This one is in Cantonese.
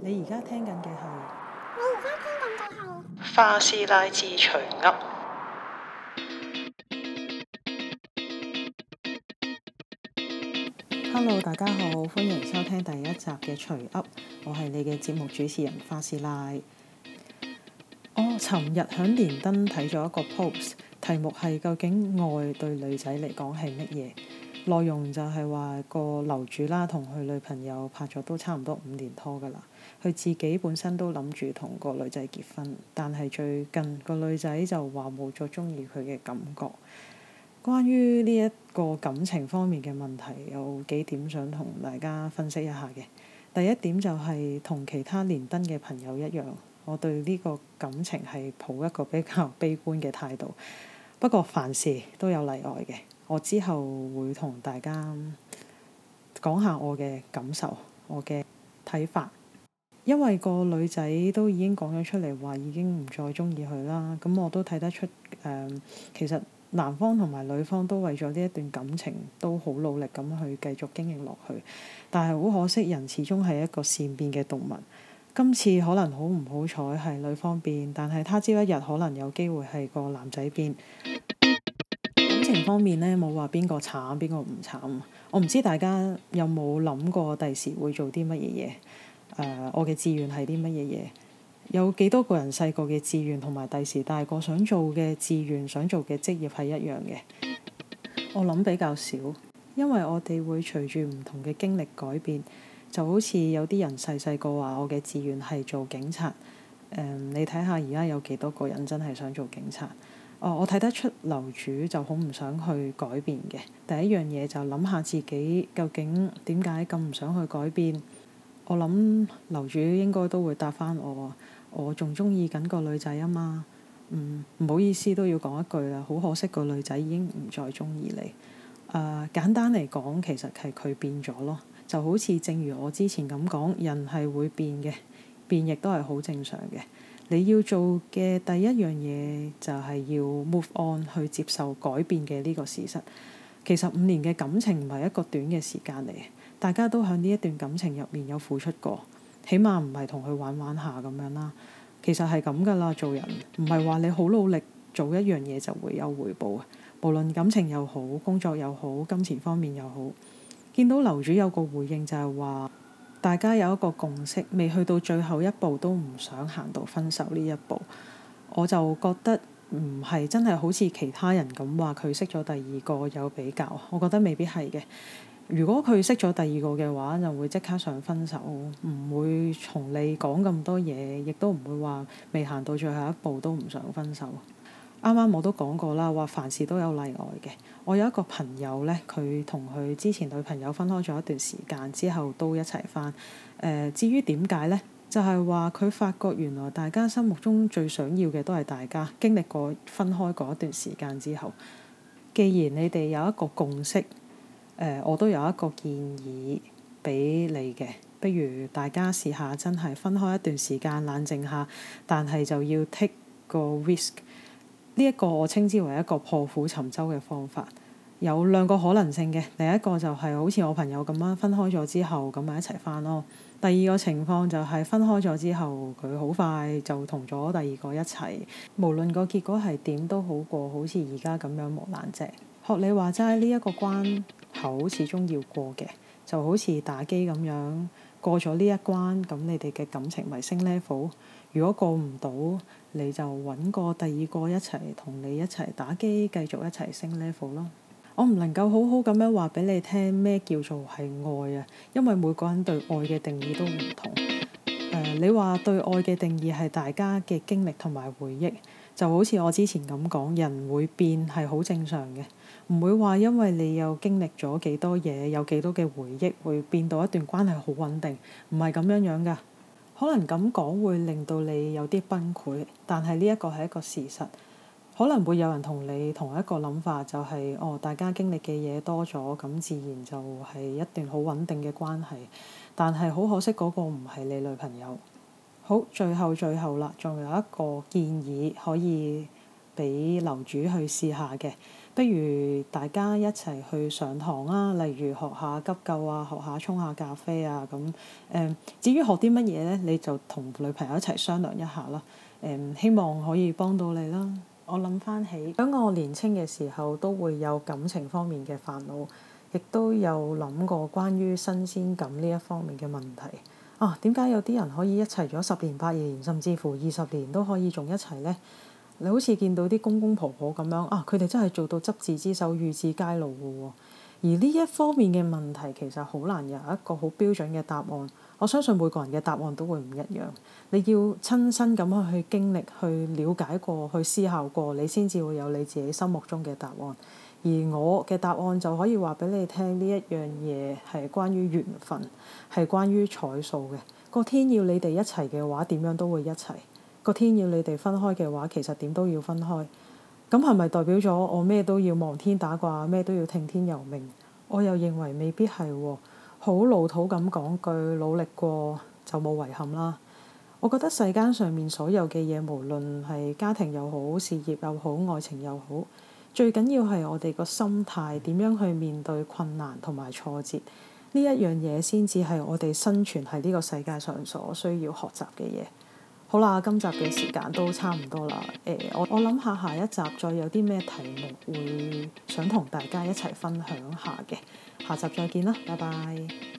你而家聽緊嘅係我而家聽緊嘅係花師奶之錘噏。Hello，大家好，歡迎收聽第一集嘅錘噏，我係你嘅節目主持人花師奶。我、oh, 尋日響連登睇咗一個 post。題目係究竟愛對女仔嚟講係乜嘢？內容就係話個樓主啦，同佢女朋友拍咗都差唔多五年拖㗎啦。佢自己本身都諗住同個女仔結婚，但係最近個女仔就話冇咗中意佢嘅感覺。關於呢一個感情方面嘅問題，有幾點想同大家分析一下嘅。第一點就係，同其他連登嘅朋友一樣，我對呢個感情係抱一個比較悲觀嘅態度。不過凡事都有例外嘅，我之後會同大家講下我嘅感受、我嘅睇法，因為個女仔都已經講咗出嚟話已經唔再中意佢啦，咁我都睇得出誒、嗯，其實男方同埋女方都為咗呢一段感情都好努力咁去繼續經營落去，但係好可惜，人始終係一個善變嘅動物。今次可能好唔好彩係女方面，但係他朝一日可能有機會係個男仔變。感情方面呢，冇話邊個慘邊個唔慘。我唔知大家有冇諗過第時會做啲乜嘢嘢？誒，我嘅志願係啲乜嘢嘢？有幾多個人細個嘅志願同埋第時大個想做嘅志願想做嘅職業係一樣嘅？我諗比較少，因為我哋會隨住唔同嘅經歷改變。就好似有啲人細細個話：我嘅志願係做警察。誒，um，你睇下而家有幾多個人真係想做警察？哦，uh，我睇得出樓主就好唔想去改變嘅。第一樣嘢就諗下自己究竟點解咁唔想去改變？我諗樓主應該都會答翻我。我仲中意緊個女仔啊嘛。嗯，唔好意思都要講一句啦。好可惜個女仔已經唔再中意你。啊，uh，簡單嚟講，其實係佢變咗咯。就好似正如我之前咁講，人係會變嘅，變亦都係好正常嘅。你要做嘅第一樣嘢就係要 move on 去接受改變嘅呢個事實。其實五年嘅感情唔係一個短嘅時間嚟，大家都喺呢一段感情入面有付出過，起碼唔係同佢玩玩下咁樣啦。其實係咁噶啦，做人唔係話你好努力做一樣嘢就會有回報啊。無論感情又好，工作又好，金錢方面又好。見到樓主有個回應就係話，大家有一個共識，未去到最後一步都唔想行到分手呢一步。我就覺得唔係真係好似其他人咁話佢識咗第二個有比較，我覺得未必係嘅。如果佢識咗第二個嘅話，就會即刻想分手，唔會同你講咁多嘢，亦都唔會話未行到最後一步都唔想分手。啱啱我都講過啦，話凡事都有例外嘅。我有一個朋友呢，佢同佢之前女朋友分開咗一段時間之後，都一齊翻。誒、呃，至於點解呢？就係話佢發覺原來大家心目中最想要嘅都係大家經歷過分開嗰一段時間之後，既然你哋有一個共識，誒、呃，我都有一個建議俾你嘅，不如大家試下真係分開一段時間冷靜下，但係就要 take 個 risk。呢一個我稱之為一個破釜沉舟嘅方法，有兩個可能性嘅。第一個就係好似我朋友咁樣分開咗之後，咁咪一齊返囉。第二個情況就係分開咗之後，佢好快就同咗第二個一齊。無論個結果係點都好，過好似而家咁樣磨難啫。學你話齋，呢一個關口始終要過嘅，就好似打機咁樣，過咗呢一關，咁你哋嘅感情咪升 level。如果過唔到，你就揾個第二個一齊同你一齊打機，繼續一齊升 level 咯。我唔能夠好好咁樣話俾你聽咩叫做係愛啊，因為每個人對愛嘅定義都唔同。誒、呃，你話對愛嘅定義係大家嘅經歷同埋回憶，就好似我之前咁講，人會變係好正常嘅，唔會話因為你又經歷咗幾多嘢，有幾多嘅回憶，會變到一段關係好穩定，唔係咁樣樣㗎。可能咁講會令到你有啲崩潰，但係呢一個係一個事實。可能會有人同你同一個諗法，就係，哦，大家經歷嘅嘢多咗，咁自然就係一段好穩定嘅關係。但係好可惜，嗰個唔係你女朋友。好，最後最後啦，仲有一個建議可以俾樓主去試下嘅。不如大家一齊去上堂啊！例如學下急救啊，學下沖下咖啡啊咁。誒、嗯，至於學啲乜嘢呢？你就同女朋友一齊商量一下啦、嗯。希望可以幫到你啦。我諗翻起喺我年青嘅時候，都會有感情方面嘅煩惱，亦都有諗過關於新鮮感呢一方面嘅問題。啊，點解有啲人可以一齊咗十年、八年，甚至乎二十年都可以仲一齊呢？你好似見到啲公公婆婆咁樣啊！佢哋真係做到執子之手，與子偕老嘅喎。而呢一方面嘅問題其實好難有一個好標準嘅答案。我相信每個人嘅答案都會唔一樣。你要親身咁去經歷、去了解過、去思考過，你先至會有你自己心目中嘅答案。而我嘅答案就可以話俾你聽：呢一樣嘢係關於緣分，係關於彩數嘅。個天要你哋一齊嘅話，點樣都會一齊。個天要你哋分開嘅話，其實點都要分開。咁係咪代表咗我咩都要望天打卦，咩都要聽天由命？我又認為未必係喎、哦。好老土咁講句，努力過就冇遺憾啦。我覺得世間上面所有嘅嘢，無論係家庭又好、事業又好、愛情又好，最緊要係我哋個心態點樣去面對困難同埋挫折，呢一樣嘢，先至係我哋生存喺呢個世界上所需要學習嘅嘢。好啦，今集嘅時間都差唔多啦。誒、欸，我我諗下下一集再有啲咩題目會想同大家一齊分享下嘅，下集再見啦，拜拜。